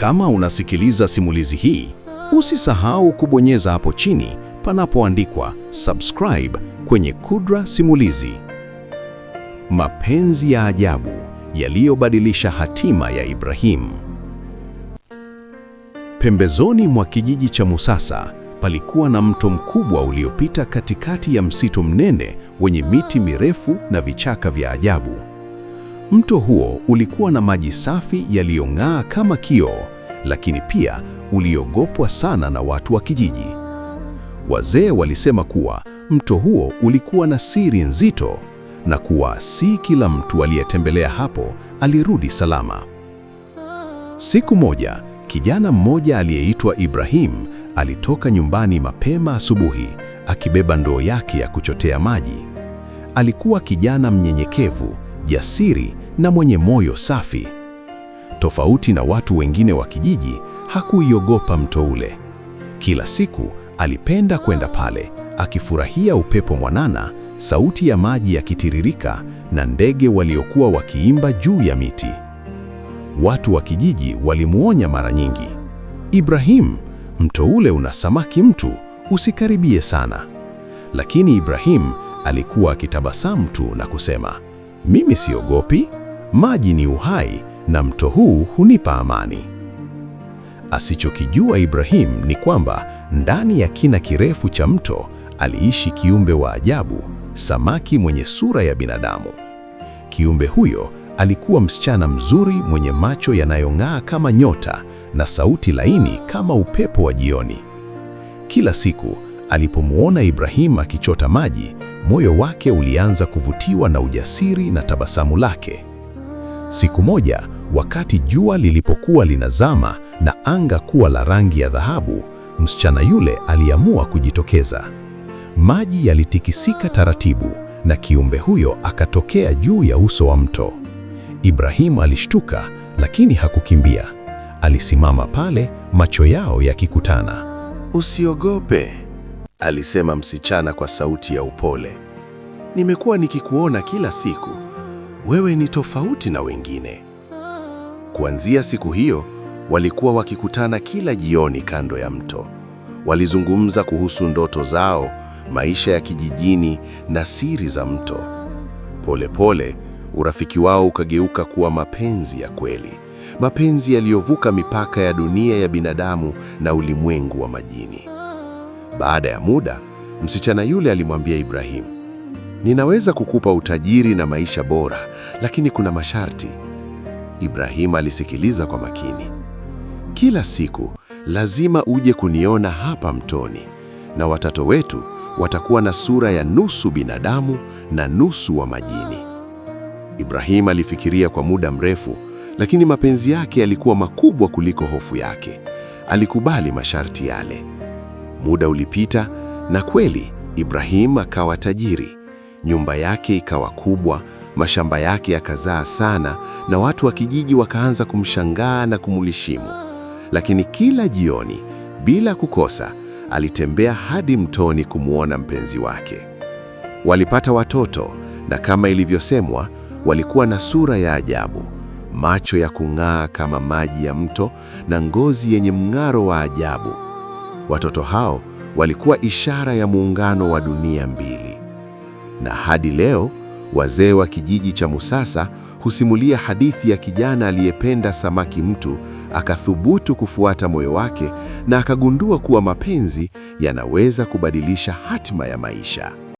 Kama unasikiliza simulizi hii, usisahau kubonyeza hapo chini panapoandikwa subscribe kwenye Kudra Simulizi. Mapenzi ya ajabu yaliyobadilisha hatima ya Ibrahim. Pembezoni mwa kijiji cha Musasa palikuwa na mto mkubwa uliopita katikati ya msitu mnene wenye miti mirefu na vichaka vya ajabu. Mto huo ulikuwa na maji safi yaliyong'aa kama kioo, lakini pia uliogopwa sana na watu wa kijiji. Wazee walisema kuwa mto huo ulikuwa na siri nzito na kuwa si kila mtu aliyetembelea hapo alirudi salama. Siku moja, kijana mmoja aliyeitwa Ibrahim alitoka nyumbani mapema asubuhi akibeba ndoo yake ya kuchotea maji. Alikuwa kijana mnyenyekevu, jasiri na mwenye moyo safi. Tofauti na watu wengine wa kijiji, hakuiogopa mto ule. Kila siku alipenda kwenda pale, akifurahia upepo mwanana, sauti ya maji yakitiririka na ndege waliokuwa wakiimba juu ya miti. Watu wa kijiji walimuonya mara nyingi, Ibrahim, mto ule una samaki mtu, usikaribie sana. Lakini Ibrahim alikuwa akitabasamu tu na kusema, mimi siogopi. Maji ni uhai na mto huu hunipa amani. Asichokijua Ibrahim ni kwamba ndani ya kina kirefu cha mto aliishi kiumbe wa ajabu, samaki mwenye sura ya binadamu. Kiumbe huyo alikuwa msichana mzuri mwenye macho yanayong'aa kama nyota na sauti laini kama upepo wa jioni. Kila siku alipomwona Ibrahim akichota maji, moyo wake ulianza kuvutiwa na ujasiri na tabasamu lake. Siku moja, wakati jua lilipokuwa linazama na anga kuwa la rangi ya dhahabu, msichana yule aliamua kujitokeza. Maji yalitikisika taratibu na kiumbe huyo akatokea juu ya uso wa mto. Ibrahimu alishtuka, lakini hakukimbia. Alisimama pale, macho yao yakikutana. Usiogope, alisema msichana kwa sauti ya upole. Nimekuwa nikikuona kila siku wewe ni tofauti na wengine. Kuanzia siku hiyo, walikuwa wakikutana kila jioni kando ya mto. Walizungumza kuhusu ndoto zao, maisha ya kijijini na siri za mto. Polepole urafiki wao ukageuka kuwa mapenzi ya kweli, mapenzi yaliyovuka mipaka ya dunia ya binadamu na ulimwengu wa majini. Baada ya muda, msichana yule alimwambia Ibrahimu, Ninaweza kukupa utajiri na maisha bora, lakini kuna masharti. Ibrahim alisikiliza kwa makini. Kila siku lazima uje kuniona hapa mtoni, na watoto wetu watakuwa na sura ya nusu binadamu na nusu wa majini. Ibrahim alifikiria kwa muda mrefu, lakini mapenzi yake yalikuwa makubwa kuliko hofu yake. Alikubali masharti yale. Muda ulipita na kweli Ibrahim akawa tajiri. Nyumba yake ikawa kubwa, mashamba yake yakazaa sana, na watu wa kijiji wakaanza kumshangaa na kumulishimu. Lakini kila jioni, bila kukosa, alitembea hadi mtoni kumwona mpenzi wake. Walipata watoto, na kama ilivyosemwa, walikuwa na sura ya ajabu, macho ya kung'aa kama maji ya mto, na ngozi yenye mng'aro wa ajabu. Watoto hao walikuwa ishara ya muungano wa dunia mbili na hadi leo wazee wa kijiji cha Musasa husimulia hadithi ya kijana aliyependa samaki mtu, akathubutu kufuata moyo wake na akagundua kuwa mapenzi yanaweza kubadilisha hatima ya maisha.